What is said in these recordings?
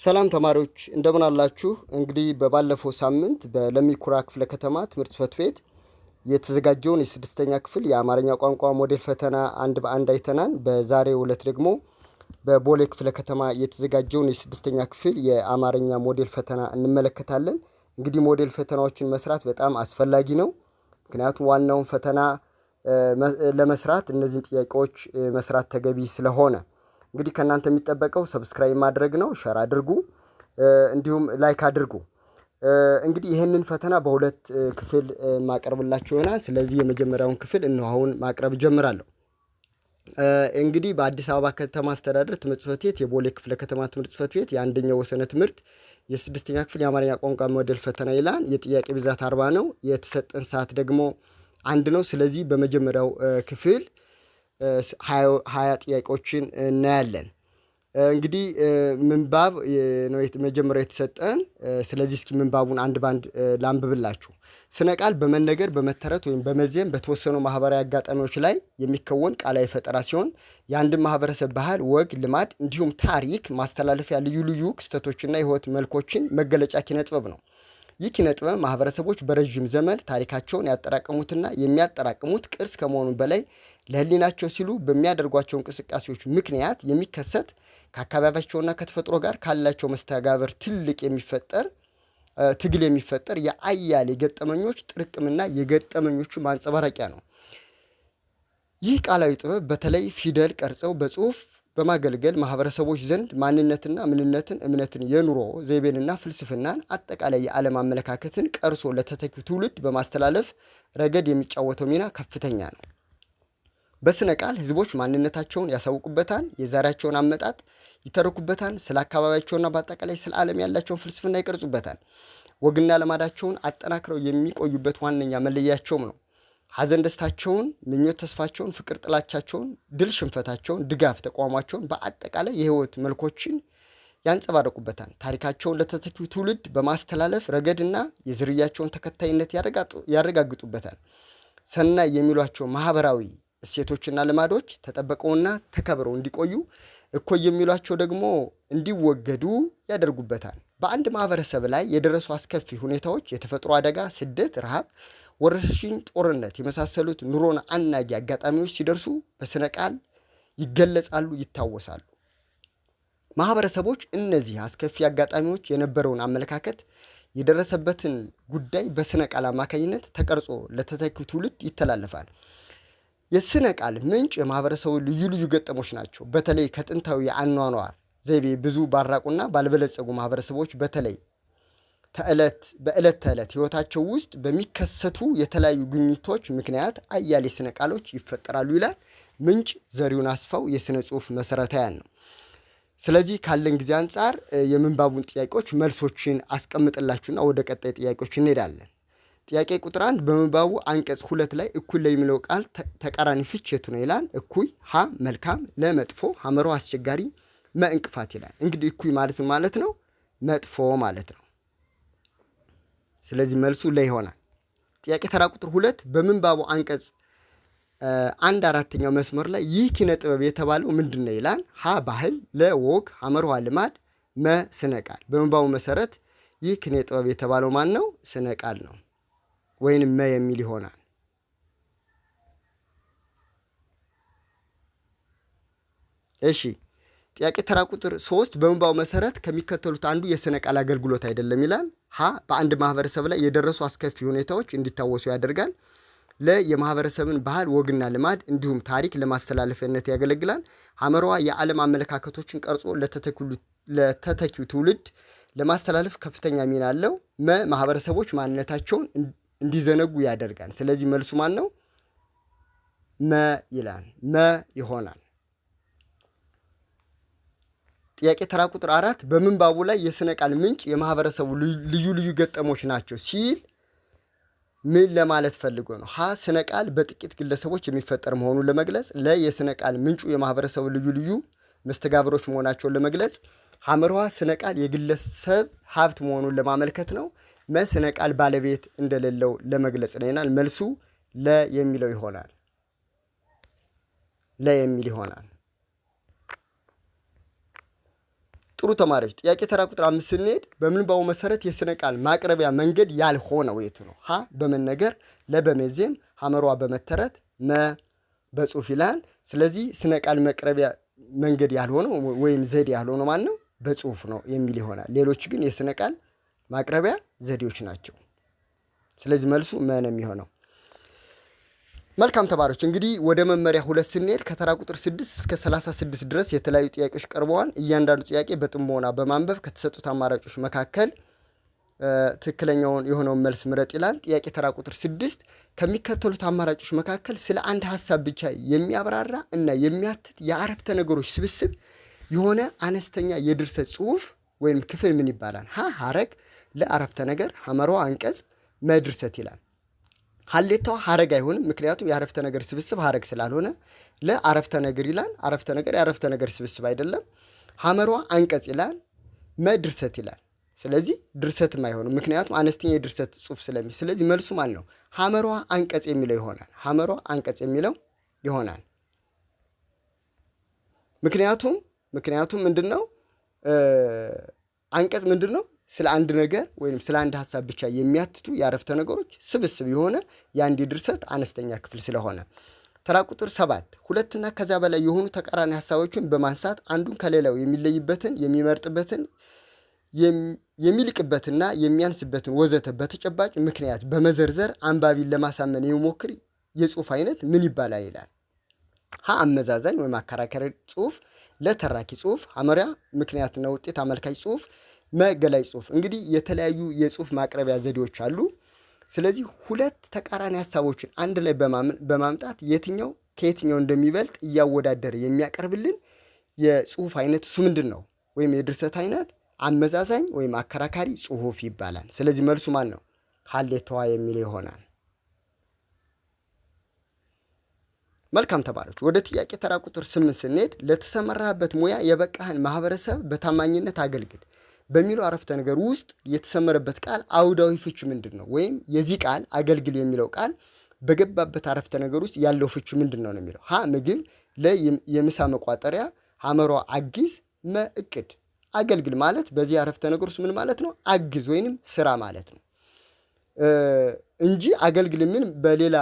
ሰላም ተማሪዎች እንደምን አላችሁ? እንግዲህ በባለፈው ሳምንት በለሚኩራ ክፍለ ከተማ ትምህርት ጽሕፈት ቤት የተዘጋጀውን የስድስተኛ ክፍል የአማርኛ ቋንቋ ሞዴል ፈተና አንድ በአንድ አይተናል። በዛሬው ዕለት ደግሞ በቦሌ ክፍለ ከተማ የተዘጋጀውን የስድስተኛ ክፍል የአማርኛ ሞዴል ፈተና እንመለከታለን። እንግዲህ ሞዴል ፈተናዎችን መስራት በጣም አስፈላጊ ነው። ምክንያቱም ዋናውን ፈተና ለመስራት እነዚህን ጥያቄዎች መስራት ተገቢ ስለሆነ እንግዲህ ከእናንተ የሚጠበቀው ሰብስክራይብ ማድረግ ነው። ሸር አድርጉ፣ እንዲሁም ላይክ አድርጉ። እንግዲህ ይህንን ፈተና በሁለት ክፍል ማቀርብላችሁ ይሆናል። ስለዚህ የመጀመሪያውን ክፍል እነሆ አሁን ማቅረብ ጀምራለሁ። እንግዲህ በአዲስ አበባ ከተማ አስተዳደር ትምህርት ጽፈት ቤት የቦሌ ክፍለ ከተማ ትምህርት ጽፈት ቤት የአንደኛው ወሰነ ትምህርት የስድስተኛ ክፍል የአማርኛ ቋንቋ ሞዴል ፈተና ይላል። የጥያቄ ብዛት አርባ ነው። የተሰጠን ሰዓት ደግሞ አንድ ነው። ስለዚህ በመጀመሪያው ክፍል ሀያ ጥያቄዎችን እናያለን። እንግዲህ ምንባብ ነው መጀመሪያ የተሰጠን። ስለዚህ እስኪ ምንባቡን አንድ ባንድ ላንብብላችሁ። ስነ ቃል በመነገር በመተረት ወይም በመዜም በተወሰኑ ማህበራዊ አጋጣሚዎች ላይ የሚከወን ቃላዊ ፈጠራ ሲሆን የአንድን ማህበረሰብ ባህል፣ ወግ፣ ልማድ እንዲሁም ታሪክ ማስተላለፊያ ልዩ ልዩ ክስተቶችና የህይወት መልኮችን መገለጫ ኪነጥበብ ነው። ይህ ኪነ ጥበብ ማህበረሰቦች በረዥም ዘመን ታሪካቸውን ያጠራቀሙትና የሚያጠራቅሙት ቅርስ ከመሆኑ በላይ ለህሊናቸው ሲሉ በሚያደርጓቸው እንቅስቃሴዎች ምክንያት የሚከሰት ከአካባቢያቸውና ከተፈጥሮ ጋር ካላቸው መስተጋበር ትልቅ የሚፈጠር ትግል የሚፈጠር የአያሌ ገጠመኞች ጥርቅምና የገጠመኞቹ ማንጸባረቂያ ነው። ይህ ቃላዊ ጥበብ በተለይ ፊደል ቀርጸው በጽሁፍ በማገልገል ማህበረሰቦች ዘንድ ማንነትና ምንነትን፣ እምነትን፣ የኑሮ ዘይቤንና ፍልስፍናን አጠቃላይ የዓለም አመለካከትን ቀርሶ ለተተኪው ትውልድ በማስተላለፍ ረገድ የሚጫወተው ሚና ከፍተኛ ነው። በስነ ቃል ህዝቦች ማንነታቸውን ያሳውቁበታል፣ የዛሬያቸውን አመጣጥ ይተረኩበታል ስለ አካባቢያቸውና በአጠቃላይ ስለ ዓለም ያላቸውን ፍልስፍና ይቀርጹበታል። ወግና ልማዳቸውን አጠናክረው የሚቆዩበት ዋነኛ መለያቸውም ነው። ሐዘን ደስታቸውን፣ ምኞት ተስፋቸውን፣ ፍቅር ጥላቻቸውን፣ ድል ሽንፈታቸውን፣ ድጋፍ ተቋማቸውን በአጠቃላይ የህይወት መልኮችን ያንጸባረቁበታል። ታሪካቸውን ለተተኪው ትውልድ በማስተላለፍ ረገድና የዝርያቸውን ተከታይነት ያረጋግጡበታል። ሰናይ የሚሏቸው ማህበራዊ እሴቶችና ልማዶች ተጠበቀውና ተከብረው እንዲቆዩ፣ እኮ የሚሏቸው ደግሞ እንዲወገዱ ያደርጉበታል። በአንድ ማህበረሰብ ላይ የደረሱ አስከፊ ሁኔታዎች የተፈጥሮ አደጋ፣ ስደት፣ ረሃብ ወረርሽኝ፣ ጦርነት የመሳሰሉት ኑሮን አናጊ አጋጣሚዎች ሲደርሱ በስነ ቃል ይገለጻሉ፣ ይታወሳሉ። ማህበረሰቦች እነዚህ አስከፊ አጋጣሚዎች የነበረውን አመለካከት የደረሰበትን ጉዳይ በስነ ቃል አማካኝነት ተቀርጾ ለተተኪው ትውልድ ይተላለፋል። የስነ ቃል ምንጭ የማህበረሰቡ ልዩ ልዩ ገጠሞች ናቸው። በተለይ ከጥንታዊ የአኗኗር ዘይቤ ብዙ ባራቁና ባልበለጸጉ ማህበረሰቦች በተለይ ተዕለት በዕለት ተዕለት ህይወታቸው ውስጥ በሚከሰቱ የተለያዩ ግኝቶች ምክንያት አያሌ ስነ ቃሎች ይፈጠራሉ ይላል። ምንጭ ዘሪሁን አስፋው የስነ ጽሁፍ መሰረታውያን ነው። ስለዚህ ካለን ጊዜ አንጻር የምንባቡን ጥያቄዎች መልሶችን አስቀምጥላችሁና ወደ ቀጣይ ጥያቄዎች እንሄዳለን። ጥያቄ ቁጥር አንድ በምንባቡ አንቀጽ ሁለት ላይ እኩይ ለሚለው ቃል ተቃራኒ ፍች የቱ ነው ይላል። እኩይ ሀ መልካም፣ ለመጥፎ ሀመሮ አስቸጋሪ፣ መእንቅፋት ይላል። እንግዲህ እኩይ ማለት ማለት ነው፣ መጥፎ ማለት ነው። ስለዚህ መልሱ ለ ይሆናል። ጥያቄ ተራ ቁጥር ሁለት በምንባቡ አንቀጽ አንድ አራተኛው መስመር ላይ ይህ ኪነ ጥበብ የተባለው ምንድን ነው ይላል። ሀ ባህል፣ ለ ወግ፣ ልማድ፣ መ ስነ ቃል። በምንባቡ መሰረት ይህ ኪነ ጥበብ የተባለው ማን ነው? ስነ ቃል ነው ወይንም መ የሚል ይሆናል። እሺ ጥያቄ ተራ ቁጥር ሶስት በምንባው መሰረት ከሚከተሉት አንዱ የስነ ቃል አገልግሎት አይደለም ይላል። ሀ በአንድ ማህበረሰብ ላይ የደረሱ አስከፊ ሁኔታዎች እንዲታወሱ ያደርጋል። ለ የማህበረሰብን ባህል ወግና ልማድ እንዲሁም ታሪክ ለማስተላለፊያነት ያገለግላል። ሐመራዋ የዓለም አመለካከቶችን ቀርጾ ለተተኪው ትውልድ ለማስተላለፍ ከፍተኛ ሚና አለው። መ ማህበረሰቦች ማንነታቸውን እንዲዘነጉ ያደርጋል። ስለዚህ መልሱ ማን ነው? መ ይላል። መ ይሆናል። ጥያቄ ተራ ቁጥር አራት በምንባቡ ላይ የስነ ቃል ምንጭ የማህበረሰቡ ልዩ ልዩ ገጠሞች ናቸው ሲል ምን ለማለት ፈልጎ ነው? ሀ ስነ ቃል በጥቂት ግለሰቦች የሚፈጠር መሆኑን ለመግለጽ፣ ለ የስነ ቃል ምንጩ የማህበረሰቡ ልዩ ልዩ መስተጋብሮች መሆናቸውን ለመግለጽ፣ ሐመርሃ ስነ ቃል የግለሰብ ሀብት መሆኑን ለማመልከት ነው። መ ስነ ቃል ባለቤት እንደሌለው ለመግለጽ ነው ይናል። መልሱ ለ የሚለው ይሆናል። ለ የሚል ይሆናል። ጥሩ ተማሪዎች ጥያቄ ተራ ቁጥር አምስት ስንሄድ በምንባቡ መሰረት የስነ ቃል ማቅረቢያ መንገድ ያልሆነው የቱ ነው? ሀ በመነገር ለ በመዜም ሀመሯ በመተረት መ በጽሁፍ ይላል። ስለዚህ ስነ ቃል መቅረቢያ መንገድ ያልሆነው ወይም ዘዴ ያልሆነው ማን ነው? በጽሁፍ ነው የሚል ይሆናል። ሌሎች ግን የስነ ቃል ማቅረቢያ ዘዴዎች ናቸው። ስለዚህ መልሱ መ ነው የሚሆነው። መልካም ተማሪዎች እንግዲህ ወደ መመሪያ ሁለት ስንሄድ ከተራ ቁጥር 6 እስከ 36 ድረስ የተለያዩ ጥያቄዎች ቀርበዋል። እያንዳንዱ ጥያቄ በጥሞና በማንበብ ከተሰጡት አማራጮች መካከል ትክክለኛውን የሆነውን መልስ ምረጥ ይላል። ጥያቄ ተራ ቁጥር 6 ከሚከተሉት አማራጮች መካከል ስለ አንድ ሀሳብ ብቻ የሚያብራራ እና የሚያትት የአረፍተ ነገሮች ስብስብ የሆነ አነስተኛ የድርሰት ጽሁፍ ወይም ክፍል ምን ይባላል? ሀ ሀረግ፣ ለአረፍተ ነገር፣ ሀመሮ አንቀጽ፣ መድርሰት ይላል። ሀሌታው ሀረግ አይሆንም። ምክንያቱም የአረፍተ ነገር ስብስብ ሀረግ ስላልሆነ ለአረፍተ ነገር ይላል። አረፍተ ነገር የአረፍተ ነገር ስብስብ አይደለም። ሀመሯ አንቀጽ ይላል። መድርሰት ይላል። ስለዚህ ድርሰትም አይሆንም። ምክንያቱም አነስተኛ የድርሰት ጽሁፍ ስለሚ ስለዚህ መልሱ ማለት ነው ሀመሯ አንቀጽ የሚለው ይሆናል። ሀመሯ አንቀጽ የሚለው ይሆናል። ምክንያቱም ምክንያቱም ምንድን ነው አንቀጽ ምንድን ነው ስለ አንድ ነገር ወይም ስለ አንድ ሀሳብ ብቻ የሚያትቱ የአረፍተ ነገሮች ስብስብ የሆነ የአንድ ድርሰት አነስተኛ ክፍል ስለሆነ። ተራ ቁጥር ሰባት ሁለትና ከዚያ በላይ የሆኑ ተቃራኒ ሀሳቦችን በማንሳት አንዱን ከሌላው የሚለይበትን የሚመርጥበትን የሚልቅበትና የሚያንስበትን ወዘተ በተጨባጭ ምክንያት በመዘርዘር አንባቢን ለማሳመን የሚሞክር የጽሁፍ አይነት ምን ይባላል ይላል። ሀ አመዛዛኝ ወይም አከራካሪ ጽሁፍ፣ ለተራኪ ጽሁፍ፣ ሐመሪያ ምክንያትና ውጤት አመልካች ጽሁፍ መገላጭ ጽሁፍ እንግዲህ የተለያዩ የጽሁፍ ማቅረቢያ ዘዴዎች አሉ። ስለዚህ ሁለት ተቃራኒ ሀሳቦችን አንድ ላይ በማምጣት የትኛው ከየትኛው እንደሚበልጥ እያወዳደረ የሚያቀርብልን የጽሁፍ አይነት እሱ ምንድን ነው? ወይም የድርሰት አይነት አመዛዛኝ ወይም አከራካሪ ጽሁፍ ይባላል። ስለዚህ መልሱ ማን ነው? ሀሌታዋ የሚል ይሆናል። መልካም ተማሪዎች፣ ወደ ጥያቄ ተራ ቁጥር ስምንት ስንሄድ ለተሰማራህበት ሙያ የበቃህን ማህበረሰብ በታማኝነት አገልግል። በሚለው አረፍተ ነገር ውስጥ የተሰመረበት ቃል አውዳዊ ፍቹ ምንድን ነው? ወይም የዚህ ቃል አገልግል የሚለው ቃል በገባበት አረፍተ ነገር ውስጥ ያለው ፍቹ ምንድን ነው ነው የሚለው ሀ ምግብ፣ ለ የምሳ መቋጠሪያ፣ ሐመሯ አግዝ መ እቅድ። አገልግል ማለት በዚህ አረፍተ ነገር ውስጥ ምን ማለት ነው? አግዝ ወይንም ስራ ማለት ነው እንጂ አገልግል ምን በሌላ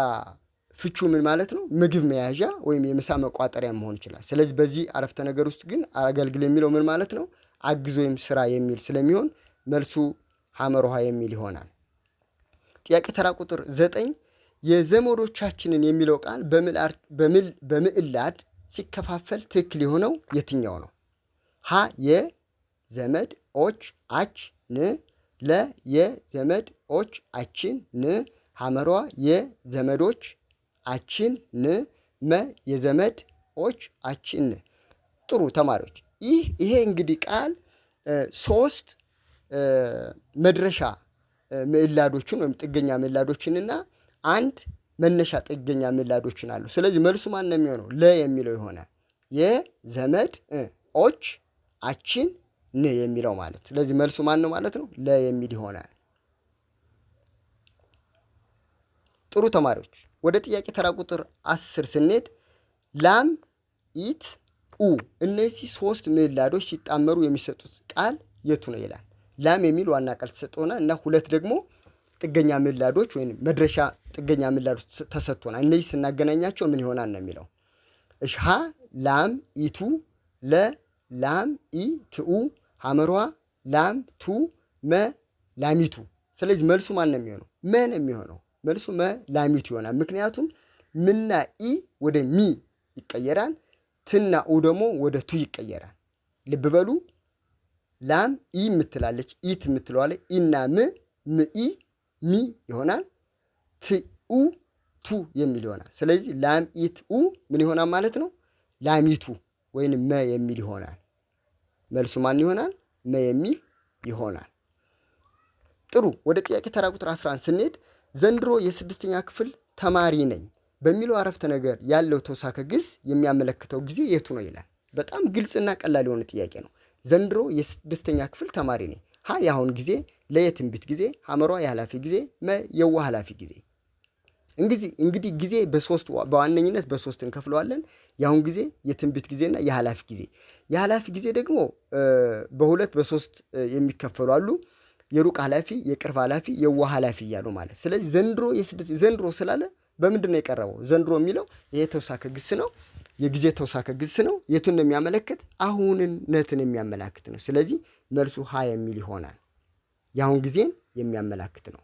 ፍቹ ምን ማለት ነው? ምግብ መያዣ ወይም የምሳ መቋጠሪያ መሆን ይችላል። ስለዚህ በዚህ አረፍተ ነገር ውስጥ ግን አገልግል የሚለው ምን ማለት ነው? አግዞ ወይም ስራ የሚል ስለሚሆን መልሱ ሐመር ውሃ የሚል ይሆናል። ጥያቄ ተራ ቁጥር ዘጠኝ የዘመዶቻችንን የሚለው ቃል በምዕላድ ሲከፋፈል ትክክል የሆነው የትኛው ነው? ሀ የዘመድ ኦች አች ን ለ የዘመድ ኦች አችን ን ሐመሯ የዘመዶች አችን ን መ የዘመድ ኦች አችን ጥሩ ተማሪዎች ይህ ይሄ እንግዲህ ቃል ሶስት መድረሻ ምዕላዶችን ወይም ጥገኛ ምዕላዶችንና አንድ መነሻ ጥገኛ ምዕላዶችን አሉ። ስለዚህ መልሱ ማን ነው የሚሆነው? ለ የሚለው ይሆናል። የዘመድ ኦች አችን ን የሚለው ማለት ስለዚህ መልሱ ማን ነው ማለት ነው? ለ የሚል ይሆናል። ጥሩ ተማሪዎች፣ ወደ ጥያቄ ተራ ቁጥር አስር ስንሄድ ላም ኢት ኡ እነዚህ ሶስት ምላዶች ሲጣመሩ የሚሰጡት ቃል የቱ ነው ይላል። ላም የሚል ዋና ቃል ተሰጥቶናል እና ሁለት ደግሞ ጥገኛ ምላዶች ወይም መድረሻ ጥገኛ ምዕላዶች ተሰጥቶናል። እነዚህ ስናገናኛቸው ምን ይሆናል ነው የሚለው። እሺ ሀ ላም ኢቱ ለ ላም ኢ ትኡ ሐመሯ ላም ቱ መ ላሚቱ። ስለዚህ መልሱ ማን ነው የሚሆነው? መ ነው የሚሆነው መልሱ መ ላሚቱ ይሆናል። ምክንያቱም ምና ኢ ወደ ሚ ይቀየራል። ትና ኡ ደግሞ ወደ ቱ ይቀየራል። ልብ በሉ። ላም ኢ የምትላለች ኢት የምትለዋለ ኢና ም ምኢ ሚ ይሆናል። ትኡ ቱ የሚል ይሆናል። ስለዚህ ላም ኢት ኡ ምን ይሆናል ማለት ነው? ላሚቱ ወይም መ የሚል ይሆናል። መልሱ ማን ይሆናል? መ የሚል ይሆናል። ጥሩ። ወደ ጥያቄ ተራ ቁጥር 11 ስንሄድ ዘንድሮ የስድስተኛ ክፍል ተማሪ ነኝ በሚለው አረፍተ ነገር ያለው ተውሳከ ግስ የሚያመለክተው ጊዜ የቱ ነው ይላል። በጣም ግልጽና ቀላል የሆነ ጥያቄ ነው። ዘንድሮ የስድስተኛ ክፍል ተማሪ ነኝ። ሀ የአሁን ጊዜ፣ ለ የትንቢት ጊዜ፣ ሐመሯ የኃላፊ ጊዜ፣ መ የዋ ኃላፊ ጊዜ። እንግዲህ እንግዲህ ጊዜ በሶስት በዋነኝነት በሶስት እንከፍለዋለን። የአሁን ጊዜ፣ የትንቢት ጊዜና የኃላፊ ጊዜ። የኃላፊ ጊዜ ደግሞ በሁለት በሶስት የሚከፈሉ አሉ። የሩቅ ኃላፊ፣ የቅርብ ኃላፊ፣ የዋ ኃላፊ እያሉ ማለት። ስለዚህ ዘንድሮ ዘንድሮ ስላለ በምንድን ነው የቀረበው? ዘንድሮ የሚለው ይሄ ተውሳከ ግስ ነው። የጊዜ ተውሳከ ግስ ነው። የቱን ነው የሚያመለክት? አሁንነትን የሚያመላክት ነው። ስለዚህ መልሱ ሀ የሚል ይሆናል። የአሁን ጊዜን የሚያመላክት ነው።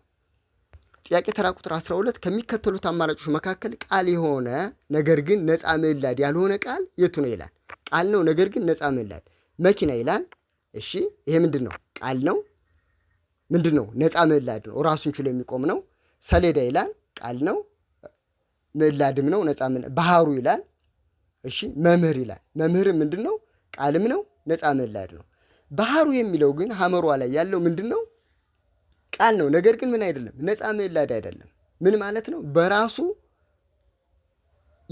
ጥያቄ ተራ ቁጥር 12 ከሚከተሉት አማራጮች መካከል ቃል የሆነ ነገር ግን ነፃ ምዕላድ ያልሆነ ቃል የቱ ነው ይላል። ቃል ነው ነገር ግን ነፃ ምዕላድ መኪና ይላል። እሺ ይሄ ምንድን ነው? ቃል ነው። ምንድን ነው? ነፃ ምዕላድ ነው። ራሱን ችሎ የሚቆም ነው። ሰሌዳ ይላል። ቃል ነው። ላድም ነው ነፃ ባህሩ ይላል። እሺ መምህር ይላል። መምህር ምንድን ነው? ቃልም ነው ነፃ መላድ ነው። ባህሩ የሚለው ግን ሀመሯ ላይ ያለው ምንድን ነው? ቃል ነው። ነገር ግን ምን አይደለም? ነፃ መላድ አይደለም። ምን ማለት ነው? በራሱ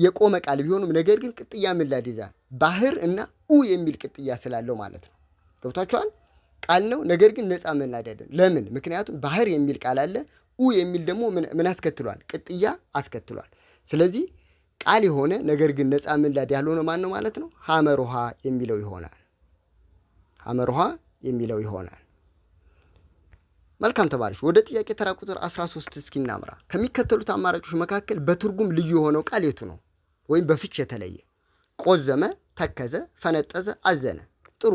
የቆመ ቃል ቢሆንም ነገር ግን ቅጥያ ምላድ ይዛል። ባህር እና ኡ የሚል ቅጥያ ስላለው ማለት ነው። ገብቷችኋል? ቃል ነው ነገር ግን ነፃ መላድ አይደለም። ለምን? ምክንያቱም ባህር የሚል ቃል አለ፣ ኡ የሚል ደግሞ ምን አስከትሏል? ቅጥያ አስከትሏል። ስለዚህ ቃል የሆነ ነገር ግን ነፃ ምላድ ያልሆነ ማን ነው ማለት ነው? ሀመሮሃ የሚለው ይሆናል። ሀመሮሃ የሚለው ይሆናል። መልካም ተማሪዎች ወደ ጥያቄ ተራ ቁጥር 13 እስኪናምራ ከሚከተሉት አማራጮች መካከል በትርጉም ልዩ የሆነው ቃል የቱ ነው? ወይም በፍች የተለየ ቆዘመ፣ ተከዘ፣ ፈነጠዘ፣ አዘነ። ጥሩ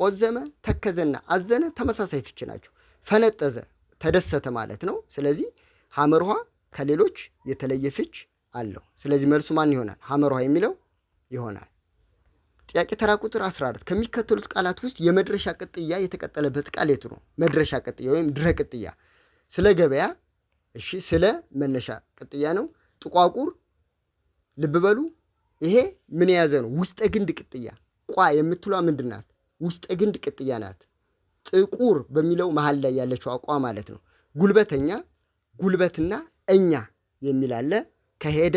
ቆዘመ፣ ተከዘና አዘነ ተመሳሳይ ፍች ናቸው። ፈነጠዘ ተደሰተ ማለት ነው። ስለዚህ ሐመርኋ ከሌሎች የተለየ ፍች አለው። ስለዚህ መልሱ ማን ይሆናል? ሐመርኋ የሚለው ይሆናል። ጥያቄ ተራ ቁጥር 14 ከሚከተሉት ቃላት ውስጥ የመድረሻ ቅጥያ የተቀጠለበት ቃል የቱ ነው? መድረሻ ቅጥያ ወይም ድረ ቅጥያ ስለ ገበያ፣ እሺ፣ ስለ መነሻ ቅጥያ ነው። ጥቋቁር ልብ በሉ፣ ይሄ ምን የያዘ ነው? ውስጠ ግንድ ቅጥያ። ቋ የምትሏ ምንድን ውስጠ ግንድ ቅጥያ ናት። ጥቁር በሚለው መሀል ላይ ያለችው አቋ ማለት ነው። ጉልበተኛ፣ ጉልበትና እኛ የሚል አለ። ከሄደ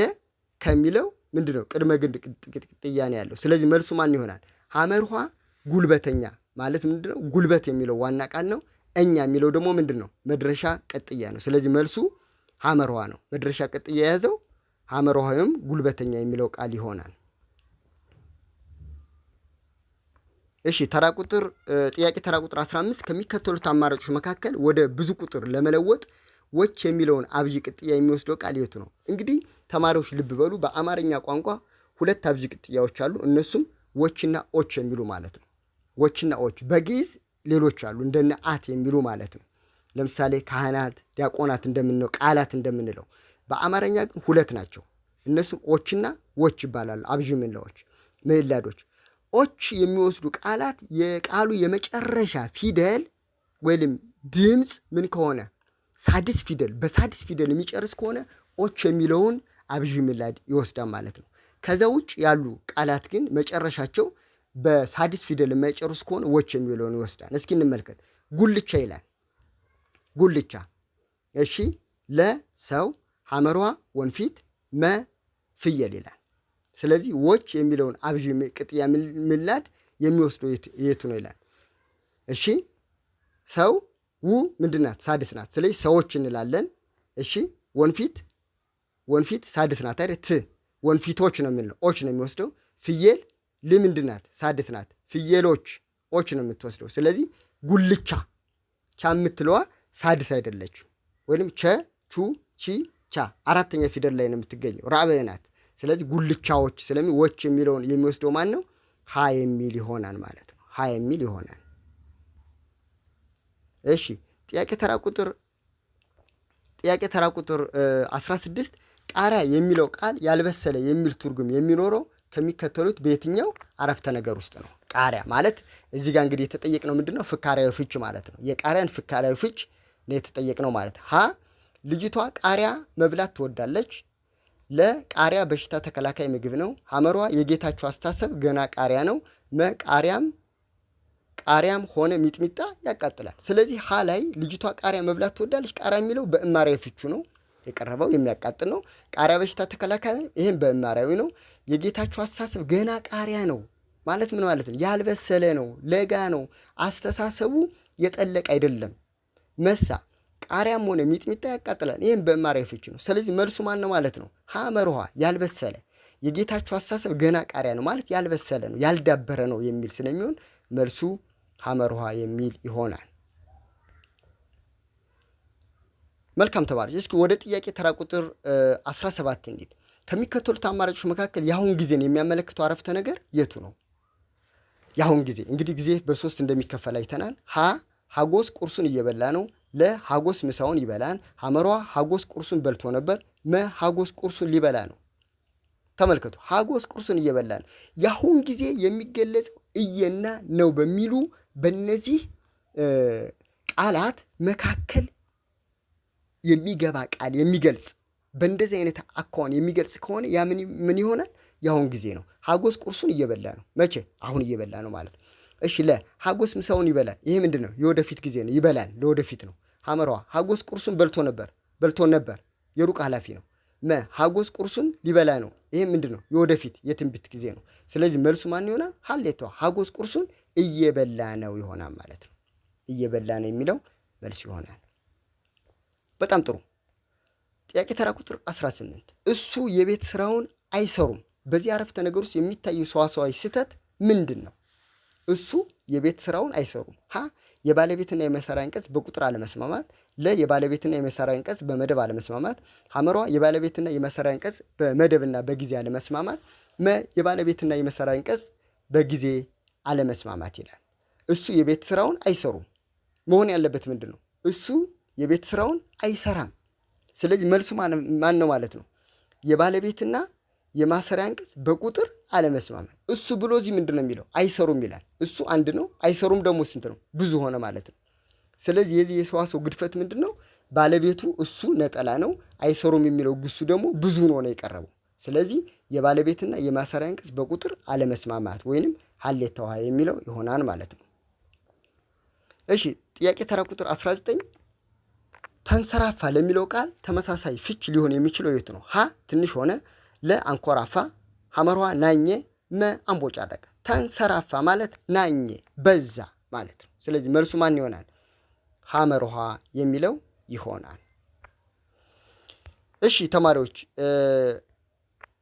ከሚለው ምንድን ነው ቅድመ ግንድ ቅጥያ ነው ያለው። ስለዚህ መልሱ ማን ይሆናል? ሀመርኋ ጉልበተኛ ማለት ምንድን ነው? ጉልበት የሚለው ዋና ቃል ነው። እኛ የሚለው ደግሞ ምንድን ነው? መድረሻ ቅጥያ ነው። ስለዚህ መልሱ ሀመርኋ ነው። መድረሻ ቅጥያ የያዘው ሀመርኋ ወይም ጉልበተኛ የሚለው ቃል ይሆናል። እሺ ተራ ቁጥር ጥያቄ ተራ ቁጥር 15 ከሚከተሉት አማራጮች መካከል ወደ ብዙ ቁጥር ለመለወጥ ወች የሚለውን አብዥ ቅጥያ የሚወስደው ቃል የቱ ነው? እንግዲህ ተማሪዎች ልብ በሉ። በአማርኛ ቋንቋ ሁለት አብዥ ቅጥያዎች አሉ። እነሱም ወችና ኦች የሚሉ ማለት ነው። ወችና ኦች። በግዕዝ ሌሎች አሉ እንደነ አት የሚሉ ማለት ነው። ለምሳሌ ካህናት፣ ዲያቆናት እንደምንለው ቃላት እንደምንለው በአማርኛ ግን ሁለት ናቸው። እነሱም ኦችና ወች ይባላሉ። አብዥ ምንላዎች፣ ምዕላዶች ኦች የሚወስዱ ቃላት የቃሉ የመጨረሻ ፊደል ወይም ድምፅ ምን ከሆነ ሳድስ ፊደል በሳድስ ፊደል የሚጨርስ ከሆነ ኦች የሚለውን አብዥ ምላድ ይወስዳል ማለት ነው። ከዛ ውጭ ያሉ ቃላት ግን መጨረሻቸው በሳድስ ፊደል የማይጨርስ ከሆነ ወች የሚለውን ይወስዳል። እስኪ እንመልከት። ጉልቻ ይላል። ጉልቻ እሺ ለሰው ሐመሯ ወንፊት መ ፍየል ይላል። ስለዚህ ዎች የሚለውን አብዥ ቅጥያ ምላድ የሚወስደው የቱ ነው ይላል። እሺ ሰው ው ምንድናት? ሳድስ ናት። ስለዚህ ሰዎች እንላለን። እሺ ወንፊት ወንፊት ሳድስ ናት አይደል? ት ወንፊቶች ነው የምንለው። ኦች ነው የሚወስደው። ፍየል ል ምንድናት? ሳድስ ናት። ፍየሎች ኦች ነው የምትወስደው። ስለዚህ ጉልቻ ቻ የምትለዋ ሳድስ አይደለችም። ወይም ቸ ቹ ቺ ቻ አራተኛ ፊደል ላይ ነው የምትገኘው። ራበ ናት። ስለዚህ ጉልቻዎች ስለሚ ዎች የሚለውን የሚወስደው ማን ነው? ሀ የሚል ይሆናል ማለት ነው። ሀ የሚል ይሆናል። እሺ ጥያቄ ተራ ቁጥር ጥያቄ ተራ ቁጥር 16 ቃሪያ የሚለው ቃል ያልበሰለ የሚል ትርጉም የሚኖረው ከሚከተሉት በየትኛው አረፍተ ነገር ውስጥ ነው? ቃሪያ ማለት እዚህ ጋር እንግዲህ የተጠየቅነው ምንድን ነው? ፍካሪያዊ ፍች ማለት ነው። የቃሪያን ፍካሪያዊ ፍች ነው የተጠየቅነው ማለት ሀ ልጅቷ ቃሪያ መብላት ትወዳለች። ለቃሪያ በሽታ ተከላካይ ምግብ ነው። ሐመሯ የጌታቸው አስተሳሰብ ገና ቃሪያ ነው። መቃሪያም ቃሪያም ሆነ ሚጥሚጣ ያቃጥላል። ስለዚህ ሀ ላይ ልጅቷ ቃሪያ መብላት ትወዳለች። ቃሪያ የሚለው በእማሪያዊ ፍቹ ነው የቀረበው የሚያቃጥል ነው። ቃሪያ በሽታ ተከላካይ ነው። ይህም በእማሪያዊ ነው። የጌታቸው አስተሳሰብ ገና ቃሪያ ነው ማለት ምን ማለት ነው? ያልበሰለ ነው፣ ለጋ ነው፣ አስተሳሰቡ የጠለቅ አይደለም። መሳ ቃሪያም ሆነ ሚጥሚጣ ያቃጥላል። ይህም በእማሪያ ፍቺ ነው። ስለዚህ መልሱ ማን ነው ማለት ነው? ሀመር ውሃ ያልበሰለ የጌታቸው አሳሰብ ገና ቃሪያ ነው ማለት ያልበሰለ ነው ያልዳበረ ነው የሚል ስለሚሆን መልሱ ሀመር ውሃ የሚል ይሆናል። መልካም ተማሪዎች፣ እስኪ ወደ ጥያቄ ተራ ቁጥር 17 እንሂድ። ከሚከተሉት አማራጮች መካከል የአሁን ጊዜን የሚያመለክተው አረፍተ ነገር የቱ ነው? የአሁን ጊዜ እንግዲህ ጊዜ በሶስት እንደሚከፈል አይተናል። ሀ ሀጎስ ቁርሱን እየበላ ነው። ለሐጎስ ምሳውን ይበላል። ሐመሯ ሐጎስ ቁርሱን በልቶ ነበር። መ ሐጎስ ቁርሱን ሊበላ ነው። ተመልከቱ፣ ሐጎስ ቁርሱን እየበላ ነው። የአሁን ጊዜ የሚገለጸው እየና ነው በሚሉ በእነዚህ ቃላት መካከል የሚገባ ቃል የሚገልጽ በእንደዚህ አይነት አኳን የሚገልጽ ከሆነ ያ ምን ይሆናል? የአሁን ጊዜ ነው። ሐጎስ ቁርሱን እየበላ ነው። መቼ? አሁን እየበላ ነው ማለት ነው። እሺ ለ ሀጎስ ምሳውን ይበላል። ይሄ ምንድን ነው? የወደፊት ጊዜ ነው። ይበላል ለወደፊት ነው። ሐመሯ ሀጎስ ቁርሱን በልቶ ነበር፣ በልቶ ነበር የሩቅ ኃላፊ ነው። መ ሀጎስ ቁርሱን ሊበላ ነው። ይሄ ምንድን ነው? የወደፊት የትንቢት ጊዜ ነው። ስለዚህ መልሱ ማን ይሆናል? ሀሌቷ ሀጎስ ቁርሱን እየበላ ነው ይሆናል ማለት ነው። እየበላ ነው የሚለው መልስ ይሆናል። በጣም ጥሩ። ጥያቄ ተራ ቁጥር 18 እሱ የቤት ስራውን አይሰሩም። በዚህ አረፍተ ነገር ውስጥ የሚታየው ሰዋሰዋዊ ስህተት ምንድን ነው? እሱ የቤት ስራውን አይሰሩም። ሀ የባለቤትና የመሳሪያ አንቀጽ በቁጥር አለመስማማት፣ ለ የባለቤትና የመሳሪያ አንቀጽ በመደብ አለመስማማት፣ ሐመሯ የባለቤትና የመሳሪያ አንቀጽ በመደብና በጊዜ አለመስማማት፣ መ የባለቤትና የመሳሪያ አንቀጽ በጊዜ አለመስማማት ይላል። እሱ የቤት ስራውን አይሰሩም መሆን ያለበት ምንድን ነው? እሱ የቤት ስራውን አይሰራም። ስለዚህ መልሱ ማን ነው ማለት ነው? የባለቤትና የማሰሪያ አንቀጽ በቁጥር አለመስማማት። እሱ ብሎ እዚህ ምንድን ነው የሚለው? አይሰሩም ይላል። እሱ አንድ ነው። አይሰሩም ደግሞ ስንት ነው? ብዙ ሆነ ማለት ነው። ስለዚህ የዚህ የሰዋሰው ግድፈት ምንድን ነው? ባለቤቱ እሱ ነጠላ ነው። አይሰሩም የሚለው ግሱ ደግሞ ብዙ ነው ነው የቀረበው። ስለዚህ የባለቤትና የማሰሪያ አንቀጽ በቁጥር አለመስማማት ወይንም ሀሌታ ውሃ የሚለው ይሆናል ማለት ነው። እሺ ጥያቄ ተራ ቁጥር 19 ተንሰራፋ ለሚለው ቃል ተመሳሳይ ፍች ሊሆን የሚችለው የት ነው? ሀ ትንሽ ሆነ፣ ለአንኮራፋ አንኮራፋ፣ ሐመሯ ናኘ አምቦጫ አደረገ። ተንሰራፋ ማለት ናኘ በዛ ማለት ነው። ስለዚህ መልሱ ማን ይሆናል? ሐመርኋ የሚለው ይሆናል። እሺ ተማሪዎች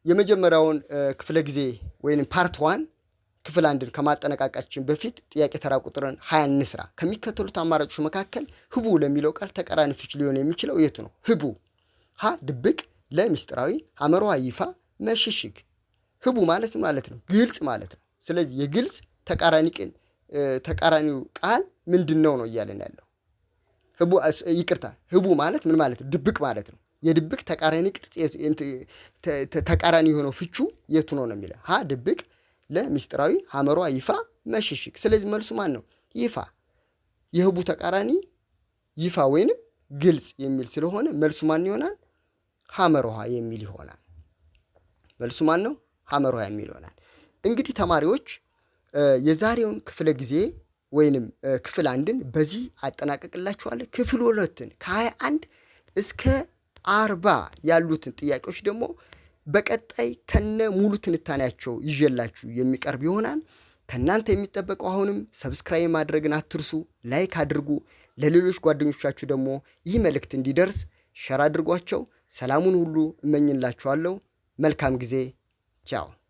የመጀመሪያውን ክፍለ ጊዜ ወይም ፓርት ዋን ክፍል አንድን ከማጠነቃቃችን በፊት ጥያቄ ተራ ቁጥርን ሀያ እንስራ። ከሚከተሉት አማራጮች መካከል ህቡ ለሚለው ቃል ተቃራኒ ፍች ሊሆን የሚችለው የት ነው? ህቡ ሀ ድብቅ፣ ለሚስጥራዊ፣ ሐመርኋ ይፋ፣ መሽሽግ ህቡ ማለት ማለት ነው ግልጽ ማለት ነው። ስለዚህ የግልጽ ተቃራኒ ቅን ተቃራኒው ቃል ምንድን ነው ነው እያለን ያለው ህቡ ይቅርታ ህቡ ማለት ምን ማለት ነው? ድብቅ ማለት ነው። የድብቅ ተቃራኒ ቅርጽ ተቃራኒ የሆነው ፍቹ የቱ ነው ነው የሚለው ሀ ድብቅ ለሚስጥራዊ ሀመሯ ይፋ መሽሽግ። ስለዚህ መልሱ ማን ነው? ይፋ። የህቡ ተቃራኒ ይፋ ወይንም ግልጽ የሚል ስለሆነ መልሱ ማን ይሆናል? ሀመሮሃ የሚል ይሆናል። መልሱ ማን ነው? ሀመር ሆያ የሚል ይሆናል። እንግዲህ ተማሪዎች የዛሬውን ክፍለ ጊዜ ወይንም ክፍል አንድን በዚህ አጠናቀቅላችኋለሁ። ክፍል ሁለትን ከሀያ አንድ እስከ አርባ ያሉትን ጥያቄዎች ደግሞ በቀጣይ ከነ ሙሉ ትንታኔያቸው ይዤላችሁ የሚቀርብ ይሆናል። ከእናንተ የሚጠበቀው አሁንም ሰብስክራይብ ማድረግን አትርሱ፣ ላይክ አድርጉ። ለሌሎች ጓደኞቻችሁ ደግሞ ይህ መልእክት እንዲደርስ ሸር አድርጓቸው። ሰላሙን ሁሉ እመኝላችኋለሁ። መልካም ጊዜ Chao.